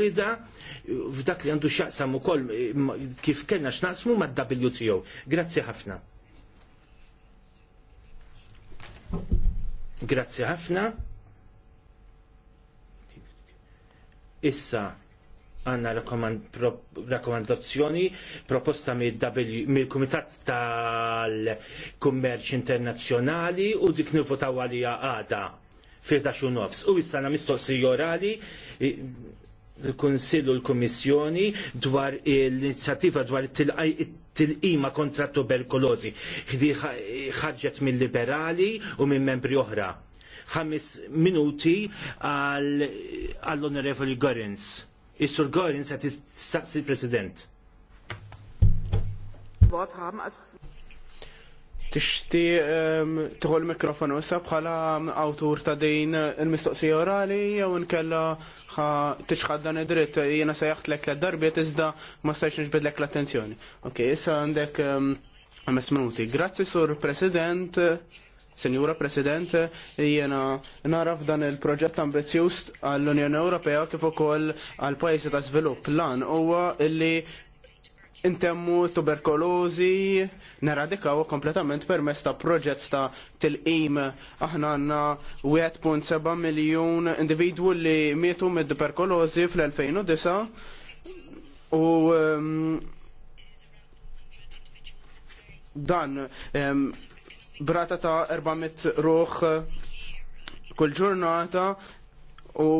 rida f'dak li għandu xaqsam ukoll kif kellna x'naqsmu mad-WTO. Grazzi ħafna. Grazzi ħafna. Issa għanna rakomandazzjoni proposta mill-Kumitat tal-Kummerċ Internazzjonali u dik nivotaw għalija għada fil daċu nofs. U issa għanna mistoqsi orali l-Konsill u l-Komissjoni dwar l-inizjattiva dwar til-qima kontra tuberkulozi. ħarġet mill-liberali u minn membri oħra. Ħames minuti għall-Onorevoli Gorins. Is-Sur Gorins għat il-President. Wort haben als tixti ehm, tħol l-mikrofonu issa bħala ehm, awtur ta' din il-mistoqsija orali jew nkella tixħad dan id-dritt jiena se jaħtlek l darbiet iżda ma stajx nġbid l-attenzjoni. Ok, issa għandek 5 ehm, minuti. Grazzi sur President. Senjura President, jiena naraf dan il-proġett ambizjuż għall-Unjoni Ewropea kif ukoll għall pajjiżi ta' żvilupp. Lan huwa illi intemmu tuberkulozi, neradikaw kompletament permesta ta' proġett ta' til im Aħna għanna 1.7 miljon individwu li mietu mid tuberkulozi fl-2009 u um, dan um, brata ta' 400 ruħ kull ġurnata u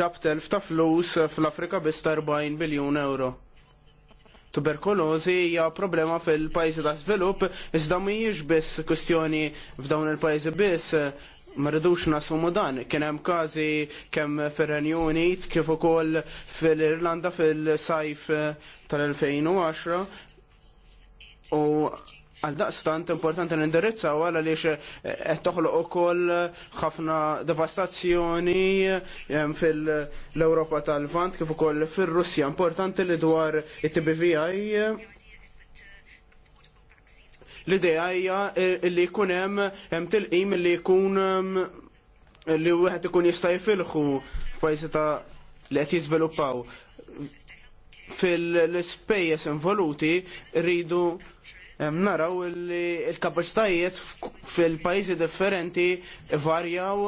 ġabtelf ta' flus fl-Afrika biss 40 biljun euro tuberkulożi hija problema fil-pajjiżi ta' żvilupp iżda mhijiex biss kwistjoni f'dawn il-pajjiżi biss ma rridux nasumu dan. Kien hemm każi kemm fir-Renju Unit kif ukoll fil-Irlanda fil-sajf tal-2010 u Għal daqstant importanti l-indirizza u għala liex eh, qed toħloq ukoll ħafna devastazzjoni eh, fil-Ewropa tal-Vant kif ukoll fir-Russja. Importanti li dwar it-TBVI l-idea hija eh, li jkun hemm hemm tilqim li jkun li wieħed ikun jista' jfilħu pajjiżi ta' li qed jiżviluppaw. fil ispejjeż involuti rridu naraw li il-kapacitajiet fil-pajzi differenti varjaw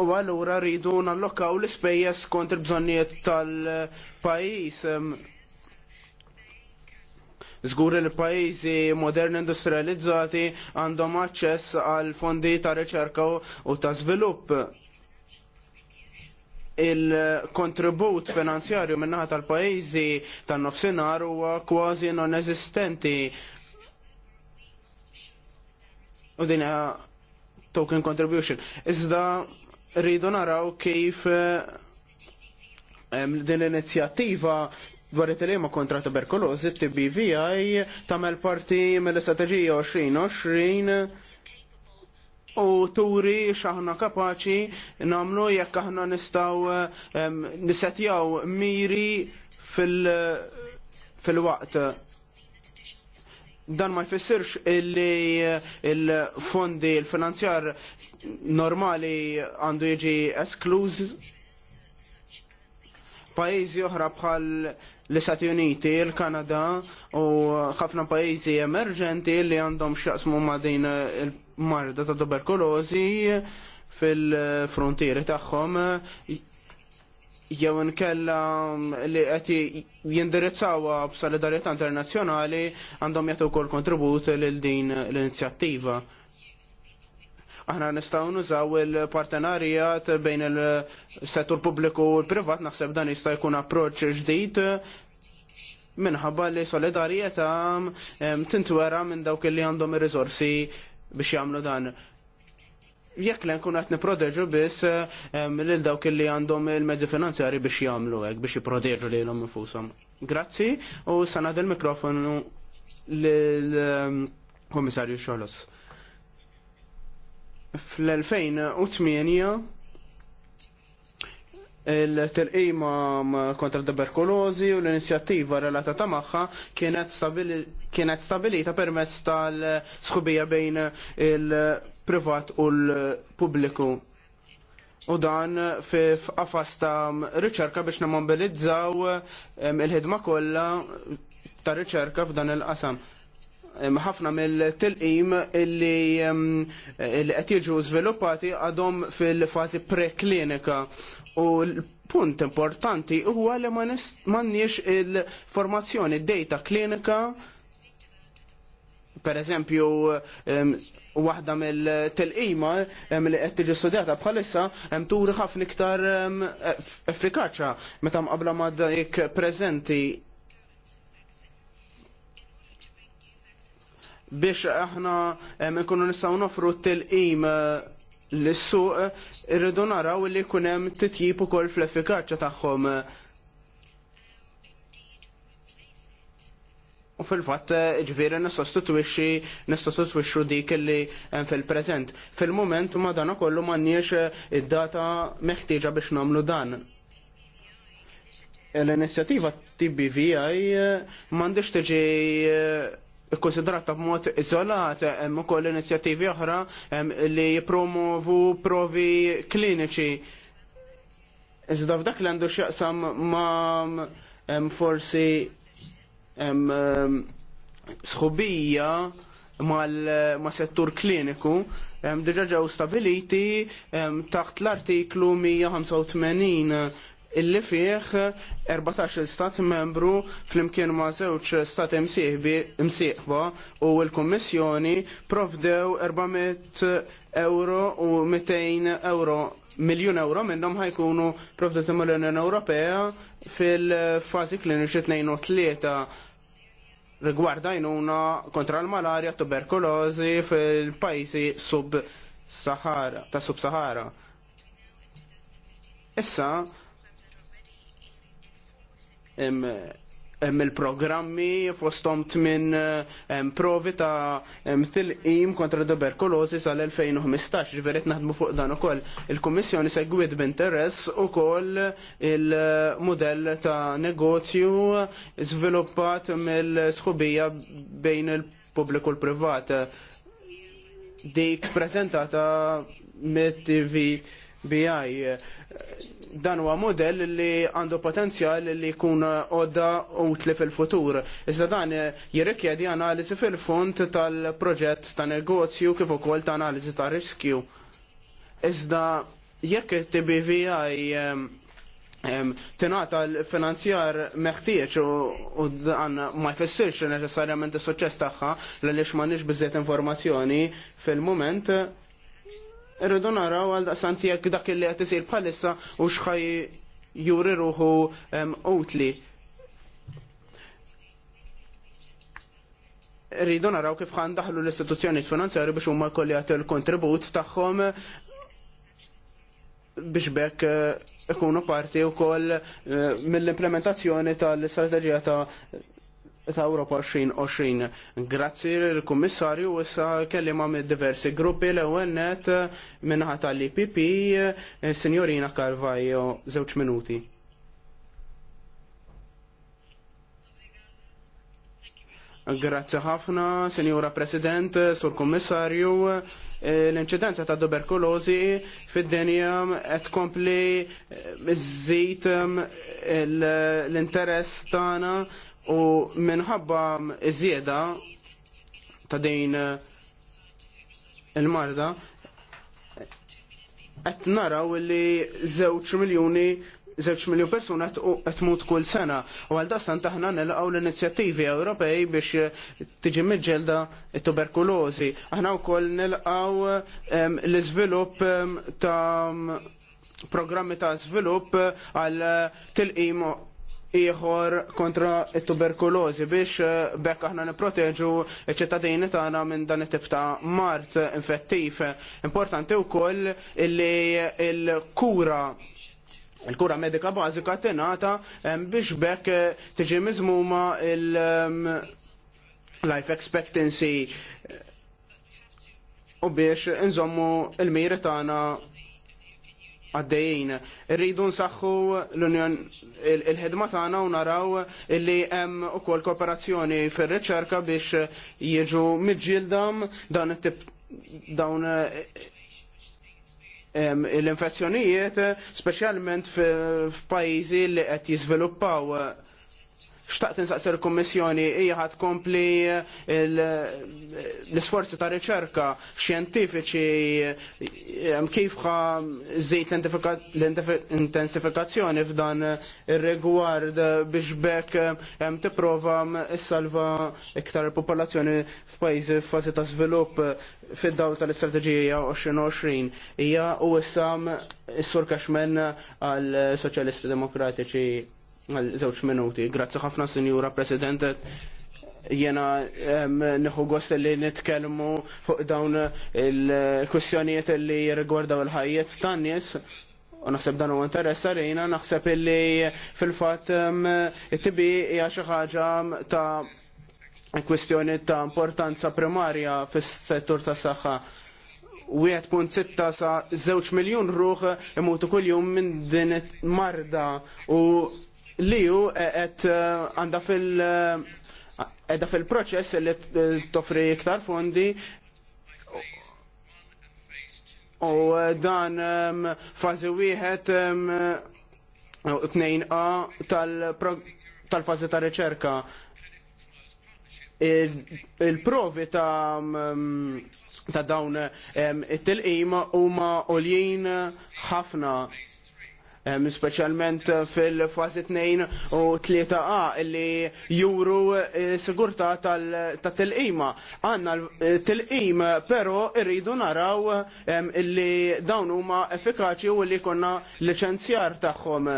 u għallura rridu nallokaw l-ispejjeż kont il-bżonniet tal-pajis. Zgur il-pajzi modern industrializzati għandhom aċċess għal fondi ta' riċerka u ta' svilupp il-kontribut finanzjarju minnaħat tal pajjiżi tan-nofsinar huwa kważi non-eżistenti u din token contribution. Iżda rridu naraw kif eh, din l-inizjattiva dwar it tilema kontra T TBVI tagħmel parti mill-istrateġija 2020 u turi x'aħna kapaċi nagħmlu jekk aħna nistgħu nisetjaw miri fil-waqt dan ma jfissirx li eh, il-fondi, il-finanzjar normali għandu jiġi eskluż pajizi oħra bħal l-Istati Uniti, il-Kanada u ħafna pajizi emerġenti li għandhom xaqsmu ma' din il-marda ta' tuberkulozi fil-frontieri tagħhom jew nkella um, li qed jindirizzawa b'solidarjetà internazzjonali għandhom jagħtu wkoll kontribut lil din l-inizjattiva. Aħna nistgħu nużaw il-partenarijat bejn il-settur pubbliku u l-privat naħseb dan jista' jkun approċċ ġdid minħabba li solidarjetà um, tintwera minn dawk li għandhom ir-riżorsi biex jagħmlu dan jekk l nkun qed nipproteġu biss lil dawk li għandhom il-mezzi finanzjari biex jagħmlu hekk biex jipproteġu lilhom infushom. Grazzi u sanad il-mikrofonu lill-Kummissarju Xolos. Fl-2008 il-telqima kontra tuberkulozi u l-inizjattiva relata ta' magħha kienet stabilita permezz tal-sħubija bejn il- privat u l-pubbliku. U dan f'qafas ta' riċerka biex namobilizzaw il-ħidma kollha ta' riċerka f'dan il-qasam ħafna mill-tilqim illi qed jiġu żviluppati għadhom fil-fażi preklinika u l-punt importanti huwa li m'għandniex il-formazzjoni data klinika per eżempju u waħda mill-telqima li qed tiġi studjata bħalissa hemm turi ħafna iktar efrikaċa meta mqabla ma dik preżenti biex aħna nkunu nistgħu nofru t-tilqim eh, l-suq irridu naraw li jkun hemm titjib ukoll fl-effikaċja tagħhom U fil-fatt eh, ġviri nistostitwixi nistostitwixu dik li eh, fil-prezent. Fil-moment ma dana kollu ma eh, id-data meħtieġa biex namlu dan. L-inizjativa TBVI mandiġ tiġi ikkonsidrata b'mod iżolat hemm ukoll inizjattivi oħra li jippromovu provi kliniċi. Iżda f'dak l għandu x'jaqsam ma forsi sħubija ma' settur kliniku diġa ġew stabiliti taħt l-artiklu 185 illi fih 14 stat membru flimkien ma' żewġ stat imsieħba u l-Kommissjoni provdew 400 euro u 200 euro miljun euro minnhom ħajkunu profitati mill-Unjoni Ewropea fil-fazi kliniċi 2 u 3 rigwarda jnuna kontra l-malarja, tuberkulozi fil-pajsi sub-Sahara, ta' sub-Sahara. Issa, il-programmi fostom tmin eh, provi ta' tilqim kontra tuberkulosi sal-2015, ġveret naħdmu fuq dan u koll. il komissjoni segwit b'interess u koll il-modell ta' negozju sviluppat mill-sħubija bejn il-pubbliku l-privat. Dik prezentata mit-TV BI. Eh, dan huwa model li għandu potenzjal li jkun għodda utli fil-futur. Iżda dan eh, jirrikjedi analiżi fil-fond tal-proġett ta' negozju kif ukoll ta' analiżi ta' riskju. Iżda jekk it-BVI eh, tinata l-finanzjar meħtieċ u dan ma jfessirx neċessarjament is-suċċess tagħha l-għaliex m'għandniex biżżejjed informazzjoni fil-mument Irridu naraw għal daqsant jekk dak li qed isir bħalissa u xħaj juri ruħu utli. Rridu naraw kif ħan daħlu l-istituzzjoni finanzjari biex huma jkolli jagħti l-kontribut tagħhom biex bekk eh, ikunu parti wkoll eh, mill-implementazzjoni tal-istrateġija ta' ta' Europa 2020. Grazzi l-Kummissarju issa kellima minn diversi gruppi l ewwennet minnaħa tal-IPP, eh, Signorina Carvajo, żewġ minuti. Grazzi ħafna, Signora President, Sur Kummissarju eh, l-inċidenza ta' tuberkulozi fid-dinja qed tkompli eh, żżid l-interess tagħna U minħabba iżjeda ta' din eh, il-marda, qed naraw li żewġ miljuni zewċ miljon persuna tmut kull sena. U għal dasan taħna nilqaw l-inizjattivi Ewropej biex eh, tiġi mġelda tuberkulozi. Aħna u koll nilqaw ehm, l-izvilup ehm, ta' programmi ta' zvilup eh, għal tilqim ieħor kontra t-tuberkulożi biex eh, bekk aħna nipproteġu ċ-ċittadini tagħna minn dan it-tip ta' mart infettiv. Importanti wkoll li l-kura il-kura medika bażika tingħata eh, biex bekk eh, tiġi miżmuma il-life expectancy u biex nżommu il-miri tagħna għaddejjien. Rridu nsaħħu l-ħedma unjon tagħna u naraw li hemm ukoll kooperazzjoni fir-riċerka biex jiġu miġġildam dan it-tip dawn l-infezzjonijiet, speċjalment f'pajjiżi li qed jiżviluppaw Xtaqt insaqsi l-Kommissjoni hija ħad kompli eh, eh, l-isforzi ta' riċerka xjentifiċi eh, kif ħa żejt l-intensifikazzjoni f'dan ir-rigward biex bekk tipprova mm, issalva iktar popolazzjoni f'pajjiżi f'fażi ta' żvilupp fid-dawl tal-istrateġija 2020 hija u issa mm, s-sur Kaxmen għal Soċjalisti Demokratiċi Zewċ minuti. Grazzi ħafna, Sinjura President. Jena nħu gost li nitkelmu fuq dawn il-kwestjonijiet li jirgwardaw il-ħajiet tan-nies. U naħseb dan u li jena naħseb li fil-fat it-tibi hija xi ħaġa ta' kwestjoni ta' importanza primarja fis-settur tas saħħa. 1.6 sa 2 miljon ruħ imutu kull jum minn din marda u li ju qed e, għandha fil- e, edha fil-proċess li e, toffri iktar fondi u dan fazi wieħed tnejn a tal-fazi ta' riċerka. Il-provi ta' ta' dawn it-tilqim huma għoljin ħafna Eh, specialment eh, fil-fazi 2 u 3a li juru eh, sigurta tal-tilqima. Għanna tilqim, pero irridu naraw ehm, li dawn huma effikaċi u li konna licenzjar tagħhom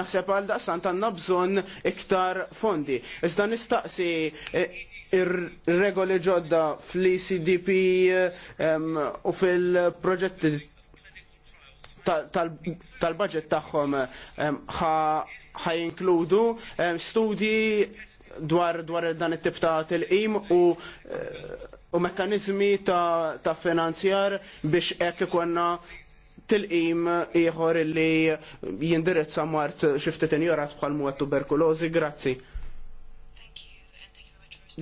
naħseb għal daqsant tanna bżon iktar fondi. Iżda nistaqsi ir-regoli ġodda fl-ECDP ehm, u fil-proġetti tal-budget tagħhom ħa jinkludu studji dwar dwar dan it-tip ta' tilqim u eh, u mekkanizmi ta' finanzjar biex hekk ikonna tilqim ieħor li jindirizza mart xi injorat bħal muwet tuberkulożi. Grazzi.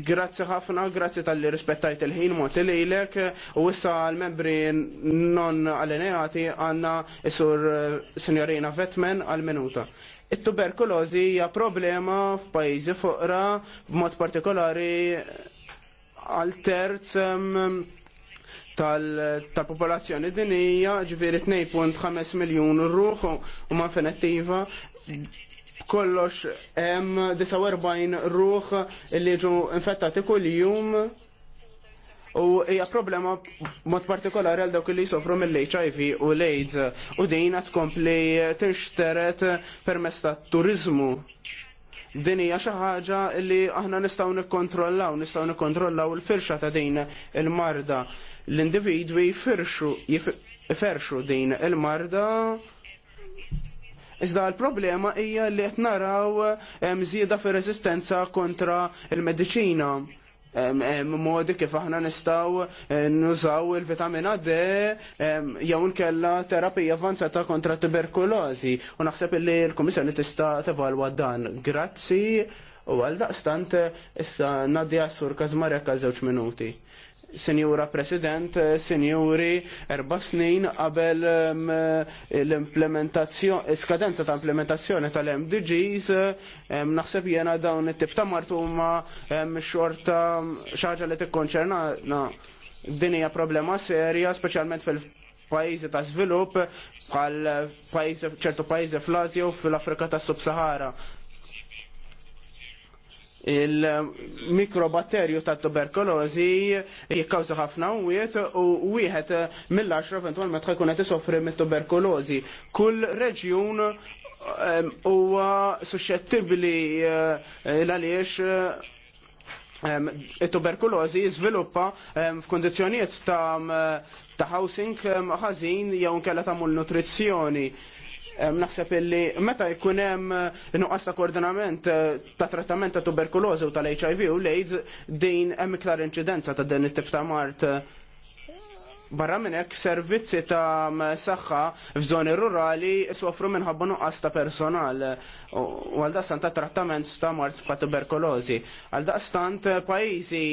Grazzi ħafna, grazzi tal-li rispettajt il-ħin mot il-ilek u issa għal-membri non allineati għanna isur eh, signorina Vetmen għal-minuta. It-tuberkulozi hija problema f'pajjiżi foqra b'mod partikolari għal terz mm, tal-popolazzjoni dinija ġviri 2.5 miljon ruħ u ma' fenettiva kollox hemm 49 ruħ li ġu infettati kull jum u hija problema mod partikolari għal dawk li jsofru mill-HIV u l-AIDS u din qed tkompli tinxteret permezz tat-turiżmu. Din hija xi ħaġa li aħna nistgħu nikkontrollaw, nistgħu nikkontrollaw il-firxa ta' din il-marda. L-individwi jifirxu din il-marda Iżda l-problema hija li qed naraw mżieda fir resistenza kontra il-mediċina. Modi kif aħna nistaw nużaw il-vitamina D jew nkella terapija avanzata kontra tuberkulozi. U naħseb li l-Kummissjoni tista' tevalwa dan. Grazzi u għal daqstant issa nadja sur kazmarek għal żewġ minuti. Sinjura President, eh, Sinjuri, erba snin qabel eh, l-implementazzjoni, skadenza ta' implementazzjoni tal-MDGs, eh, naħseb jena dawn it-tip ta' martuma xorta xaġa li t-konċernana. Dinija problema serja, specialment fil pajizi ta' svilup bħal ċertu pajizi fl-Azja u fil-Afrika ta' Sub-Sahara il-mikrobatterju ta' tuberkulozi jikkawza ħafna wiet u wieħed mill-10 eventualment ħajkun qed isofri mit-tuberkulozi. Kull reġjun ehm, huwa eh, l għaliex ehm, il-tuberkulozi jizviluppa ehm, f'kondizjonijiet ta' ta' housing ħażin jew nkella ta' malnutrizzjoni. nutrizzjoni Naħseb illi meta jkun hemm eh, nuqqas ta' koordinament eh, ta' trattament ta' tuberkulożi u tal-HIV u l-AIDS din hemm iktar inċidenza ta' din it-tip ta' mart. Barra minn hekk servizzi ta' saħħa f'żoni rurali soffru minħabba nuqqas ta' personal u għal daqstant ta' trattament ta' mart ta' tuberkulożi. Għal daqstant eh, pajjiżi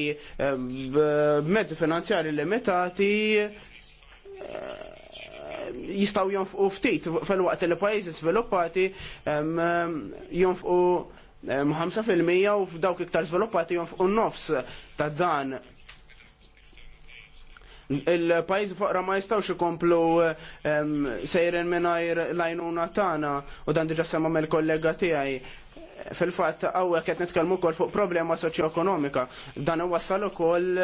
b'mezzi finanzjari limitati jistaw jonfqu ftit fil-waqt li pajjiżi sviluppati jonfqu 5% u f'dawk iktar sviluppati jonfqu nofs ta' dan il-pajz foqra ma jistawx ikomplu sejren mingħajr lajnuna tagħna u dan diġà sema mill kollega tiegħi fil-fatt għawek qed nitkellmu wkoll fuq problema soċjoekonomika. Dan iwassal ukoll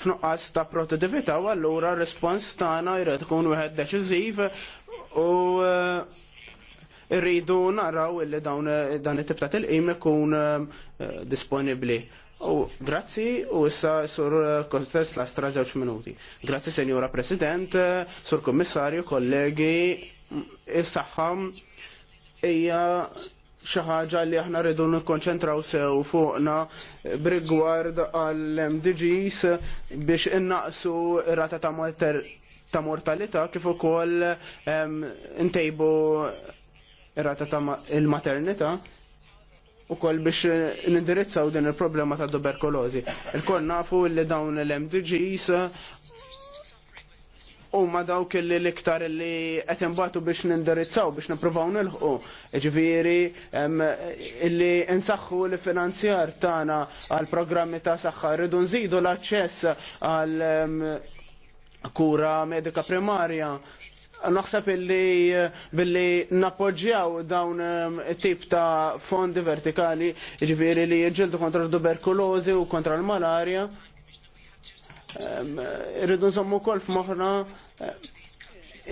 f'nuqqas ta' produttività u allura r-rispons tagħna jrid ikun wieħed deċiżiv u eh, rridu naraw illi dawn dan it-tip ta' til-qim ikun eh, disponibbli. U grazzi u issa sur kontest la straġawx minuti. Grazzi Senjora President, sur Kommissarju, kollegi, is-saħħam hija xi ħaġa li aħna rridu nikkonċentraw sew fuqna brigward għall-MDGs biex innaqsu rata ta' ta' mortalità kif ukoll ntejbu rata ta' il-maternità u koll biex nindirizzaw din il-problema ta' tuberkulozi. Il-koll nafu li dawn l-MDGs ma dawk li l-iktar li qed imbagħtu biex nindirizzaw biex nippruvaw nilħqu. Ġifieri li insaħħu l-finanzjar tagħna għal programmi ta' saħħa rridu nżidu l-aċċess għal kura medika primarja. Naħseb illi billi nappoġġjaw dawn tip ta' fondi vertikali, jiġifieri li jġildu kontra l tuberkulozi u kontra l-malarja Irridu nżommu kol f'moħħna eh,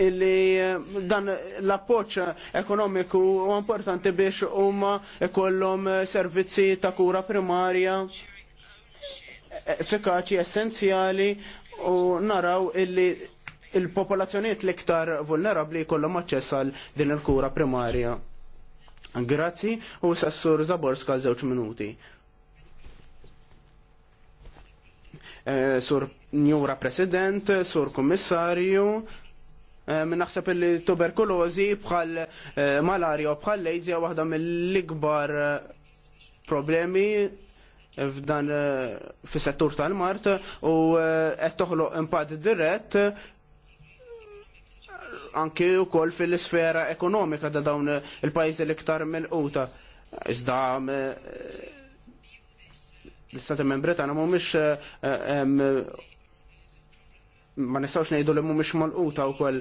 illi eh, dan l-appoċ ekonomiku u importanti biex huma kollom eh, servizzi ta' kura primarja effikaċi essenzjali u naraw illi il-popolazzjoniet l-iktar vulnerabli kollom aċċess għal din il-kura primarja. Grazzi u sassur Zaborska għal żewġ minuti. Eh, sur njura president, sur kommissarju, eh, naħseb li tuberkulozi bħal eh, malarja u bħal lejzja waħda mill-ikbar problemi f'dan fis-settur tal-mart u qed toħloq impatt dirett anki wkoll fil-sfera ekonomika da dawn il-pajjiżi l-iktar mill-quta. Iżda l-istati membri tagħna mhumiex eh, eh, ma nistgħux ngħidu li mhumiex malquta wkoll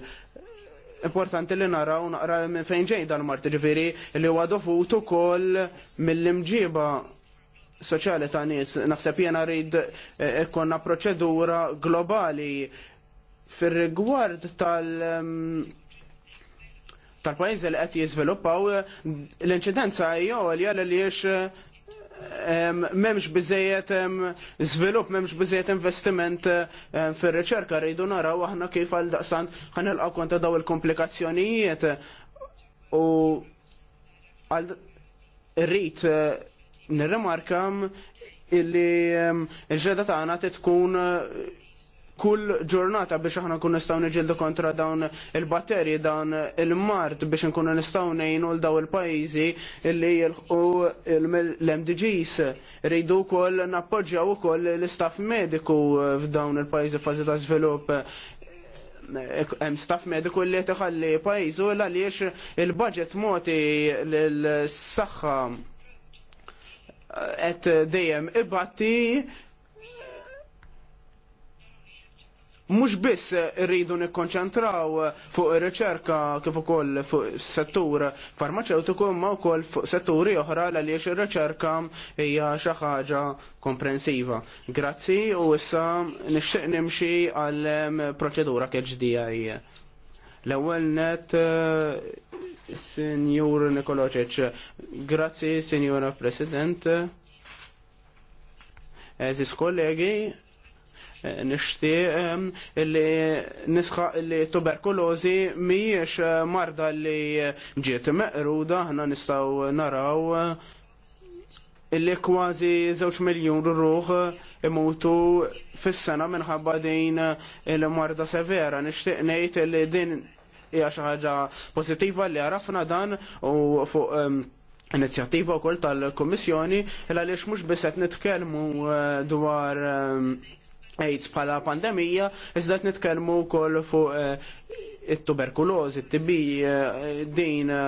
importanti li naraw naqra minn fejn ġej dan mart ġifieri li huwa dovut ukoll mill-imġiba soċjali ta' nies. Naħseb jiena rrid eh, ikkonna proċedura globali fir-rigward tal- tal-pajjiż li qed jiżviluppaw l-inċidenza hija għolja li jiex memx bizzejiet zvilup, memx bizzejiet investiment eh, fil-reċerka, rridu naraw aħna kif għal daqsan ħanilqaw konta daw il-komplikazzjonijiet u għal rrit eh, nirremarkam illi il-ġeda tagħna titkun eh, kull ġurnata biex aħna kun nistgħu niġildu kontra dawn il-batteri dawn il-mart biex inkunu nistgħu ngħinu l daw il-pajjiżi illi jilħqu l-MDGs rridu wkoll nappoġġjaw ukoll l-istaff mediku f'dawn il-pajjiżi fażi ta' żvilupp hemm staff mediku li tħalli pajjiżu l għaliex il-budget moti l-saħħa qed dejjem ibatti mhux biss rridu nikkonċentraw fuq ir-riċerka kif ukoll fuq settur farmaceutiku imma wkoll fuq setturi oħra għaliex ir-riċerka hija xi ħaġa komprensiva. Grazzi u issa nixtieq nimxi għal proċedura kif KHDI. L-ewwel net eh, Sinjur Nikoloċeċ, grazzi Sinjura President. Eżis kollegi, nixtieq li nisħaq li tuberkulozi mhijiex eh, marda li eh, ġiet meqruda aħna nistgħu naraw eh, illi kważi żewġ miljun ruħ imutu fis-sena minħabba din il-marda severa. Nixtieq ngħid li din hija xi ħaġa pożittiva li għarafna dan u fuq inizjattiva wkoll tal-Kummissjoni għaliex mhux biss qed nitkellmu dwar AIDS bħala pandemija, iżda qed nitkellmu wkoll fuq eh, it-tuberkulożi, it-TB, eh, din eh,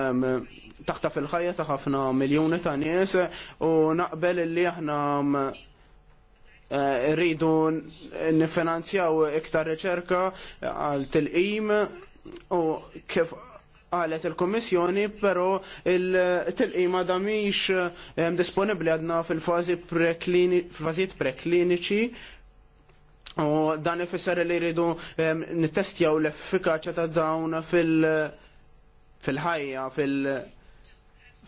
taħta fil-ħajja ta' ħafna miljuni ta' nies u naqbel li aħna rridu nifinanzjaw iktar riċerka għal tilqim u kif għalet il-Komissjoni, pero il-tilqima da mhix disponibli għadna fil-fazi prekliniċi U dan ifisser li jridu nittestjaw l-effikaċja ta' dawn fil-ħajja,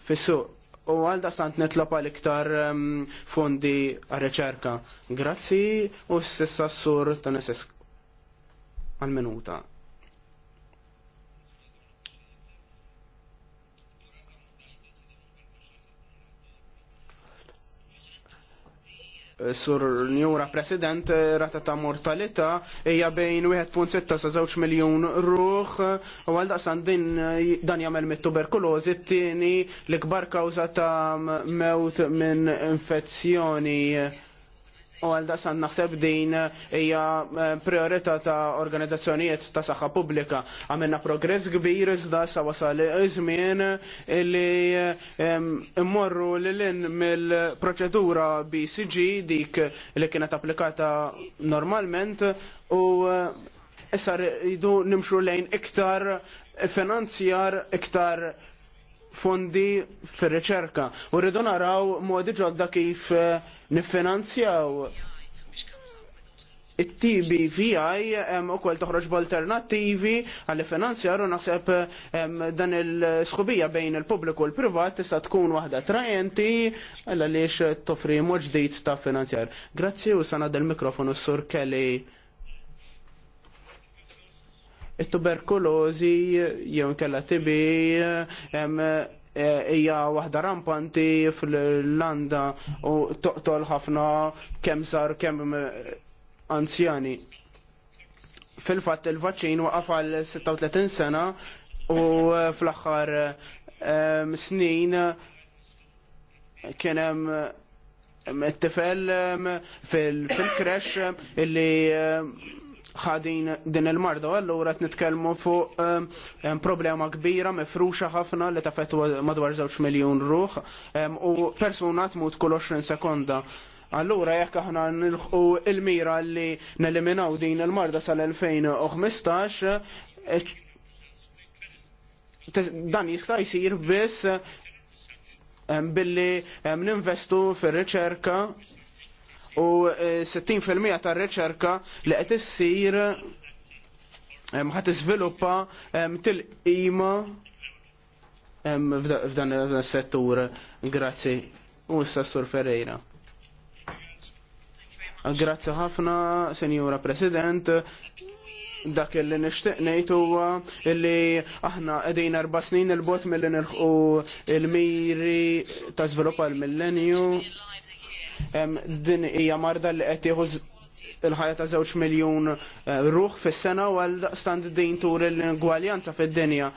fil-suq. U għalda sant nitlob għal iktar fondi għal-reċerka. Grazzi u s-sessur ta' għal-minuta. Sur njura president rata ta' mortalità hija bejn 1.6 sa' 2 miljun ruħ u għal din dan jagħmel mit tuberkulozi t-tieni l-ikbar kawża ta' mewt minn infezzjoni U għal dasan naħseb din eh, hija eh, priorità ta' organizzazzjonijiet ta' saħħa pubblika. Għamilna progress kbir iżda sa wasal iż-żmien li eh, immorru lilin mill-proċedura BCG dik li kienet applikata normalment u issa jdu nimxu lejn iktar finanzjar iktar fondi fir-riċerka. U rridu naraw modi ġodda kif eh, niffinanzjaw it-tibi VI hemm ukoll toħroġ b'alternattivi għalli finanzjar u naħseb dan il-sħubija bejn il-pubbliku u l-privat tista' tkun waħda trajenti għaliex toffri mod ġdid ta' finanzjar. Grazzi u sana del mikrofonu s-sur Kelly it tuberkulosi jew kella TB e, hija waħda rampanti fl landa u toqtol ħafna kemm sar kemm anzjani. Fil-fatt il-vaċċin waqaf għal 36 sena u fl-aħħar snin kien hemm tifel fil crash illi ħadin din il-marda, allura qed nitkellmu fuq ehm, ehm, problema kbira mifruxa ħafna li tafetwa madwar żewġ miljun ruħ ehm, u persuna tmut kull 20 sekonda. Allura jekk aħna nilħu il-mira li neliminaw din il-marda sal-2015, eh, dan jista' jsir biss billi ninvestu fir-riċerka u 60% eh, tar-riċerka li qed issir ħat iżviluppa til-qima f'dan is-settur. Grazzi. U s Sur Ferreira. Grazzi ħafna, Senjura President. Dak illi nixtieq ngħid huwa illi aħna qegħdin erba' snin il-bot milli nilħqu il-miri ta' żviluppa l millenju din hija marda li qed jieħu il-ħajja ta' żewġ miljun eh, ruħ fis-sena u għal stand din tur il-gwaljanza fid-dinja.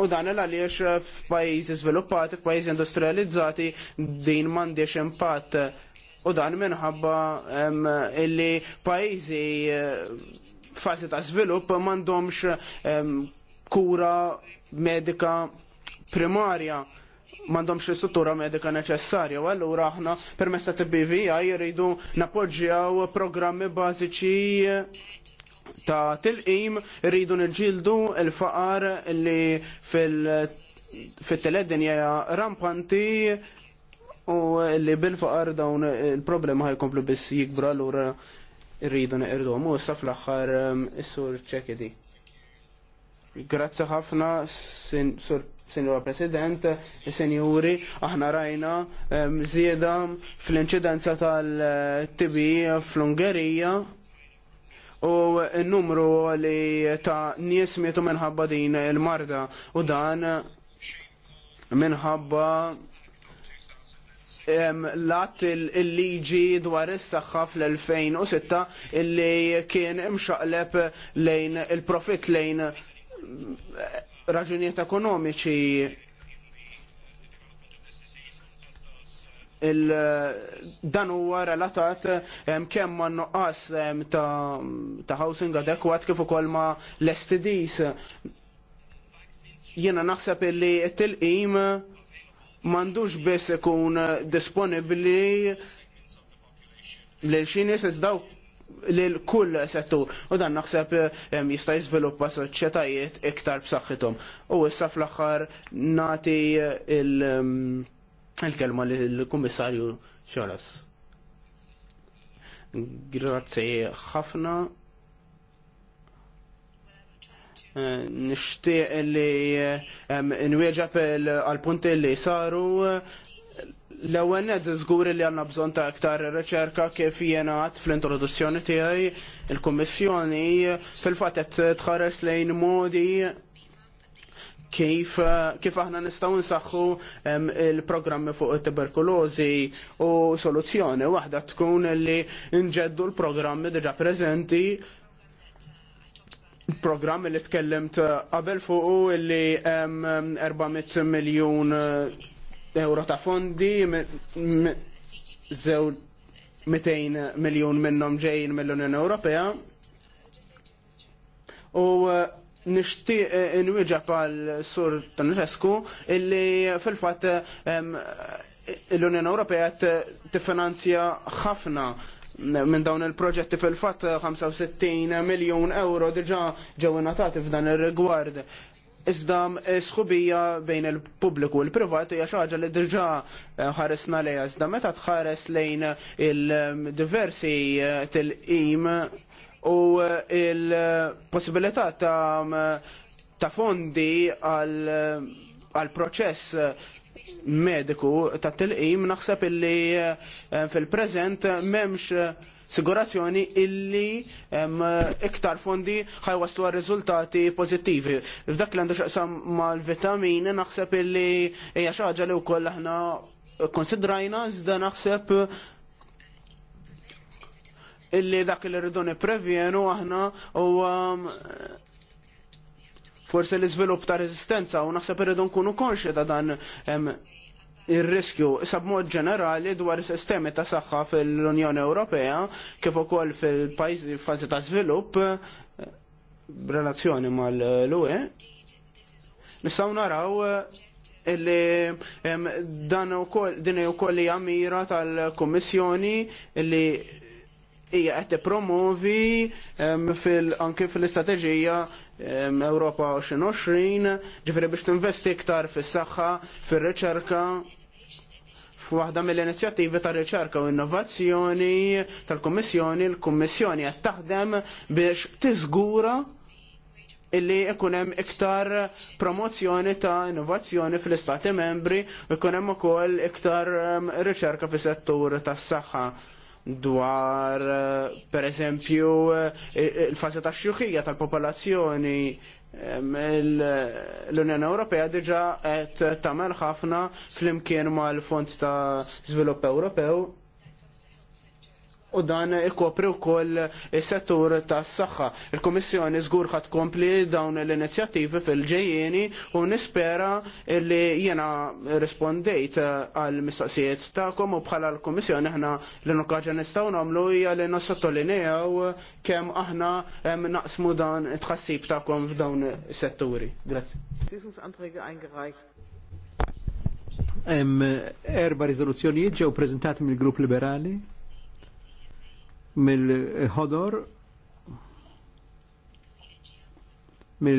U dan il għaliex f'pajjiżi żviluppati, f'pajjiżi industrializzati din m'għandix impatt. U dan minħabba illi pajjiżi f'fażi eh, ta' żvilupp m'għandhomx kura medika primarja mandomx l-struttura medika neċessarja, u allura aħna permessa t-BVI jiridu napoġġjaw programmi bażiċi ta' tilqim rridu nġildu il-faqar li fil-teledinja rampanti u li bil-faqar dawn il-problema ħajkomplu biss jikbru allura rridu neqirdu. għamu. Saf fl-axħar um, is-sur ċekedi. Grazzi ħafna, sur Senjora President, senjuri, aħna rajna mżieda fl-inċidenza tal-TB fl-Ungerija u n-numru li ta' nies mietu minħabba din il-marda u dan minħabba lat il-liġi dwar is-saħħa fl-2006 illi kien imxaqleb lejn il-profit lejn raġunijiet ekonomiċi il dan huwa relatat kemm ma nuqqas ta' ta' housing adekwat kif ukoll ma l-STDs. Jiena naħseb illi t-tilqim m'għandux biss ikun disponibbli lil xi nies lil kull settur u dan naħseb jista' jiżviluppa soċjetajiet iktar b'saħħithom. U issa fl-aħħar nagħti eh, il-kelma lill-Kummissarju Xoras. Grazzi ħafna. Eh, Nishtiq li nwieġab għal-punti li saru L-ewwel ned żgur li għandna bżonn ta' aktar riċerka kif jiena għad fl-introduzzjoni tiegħi il-Kummissjoni fil-fatt qed tħares lejn modi kif kif aħna nistgħu nsaħħu il-programmi fuq it-tuberkulożi u soluzzjoni waħda tkun li nġeddu l-programmi diġà preżenti programm li tkellimt qabel fuq illi 400 miljon euro ta' fondi, 200 miljon minnom ġejn mill-Unjoni Ewropea. U eh, nishtiq eh, inwiġa pal sur Tanrescu illi fil-fat l-Unjoni Ewropea tiffinanzja ħafna minn dawn il-proġetti fil-fatt 65 eh, miljon euro diġa ġew f'dan ir-rigward. Iżda sħubija bejn il-pubbliku u l-privat hija xi ħaġa li diġà eh, ħaresna lejha iżda meta tħares lejn eh, il-diversi eh, til-qim u il-possibilità ta' fondi għal proċess mediku ta' tilqim naħseb illi fil-preżent m'hemmx sigurazzjoni illi iktar fondi ħajwaslu għal riżultati pozittivi. F'dak li għandu xaqsam mal-vitamini naħseb illi hija xi ħaġa li wkoll aħna konsidrajna iżda naħseb illi dak li rridu niprevjenu aħna u forse l-izvilup ta' rezistenza u naħseb rridu nkunu konxi ta' dan ir-riskju sab'mod ġenerali dwar sistemi ta' saħħa fil-Unjoni Ewropea kif ukoll fil-pajjiżi f'fażi ta' żvilupp b'relazzjoni mal-UE nistgħu naraw illi dan ukoll din u koll mira tal kummissjoni illi hija qed promovi fil anke fil-istrateġija Ewropa 2020, ġifieri biex tinvesti iktar fis-saħħa, fir-riċerka F'waħda mill-inizjattivi ta' riċerka u innovazzjoni tal-Kummissjoni, l-Kummissjoni qed taħdem biex tiżgura illi ikun hemm iktar promozzjoni ta' innovazzjoni fl-istati membri u jkun hemm ukoll iktar ehm, riċerka fis-settur tas-saħħa dwar eh, per eżempju eh, il-fazi ta' xjuħija tal-popolazzjoni l-Unjoni Ewropea diġa qed tagħmel ħafna flimkien mal-Fond ta' Żvilupp Ewropew u dan ikopri wkoll is-settur tas-saħħa. Il-Kummissjoni żgur ħat tkompli dawn l-inizjattivi fil-ġejjieni u nispera li jiena rispondejt għal mistoqsijiet tagħkom u bħala l-Kummissjoni aħna l-inokkaġa nistgħu nagħmlu hija li nossottolinjaw kemm aħna naqsmu dan it-tħassib tagħkom f'dawn is-setturi. Grazie. Erba rizoluzzjonijiet ġew prezentati mill-Grupp Liberali mill-ħodor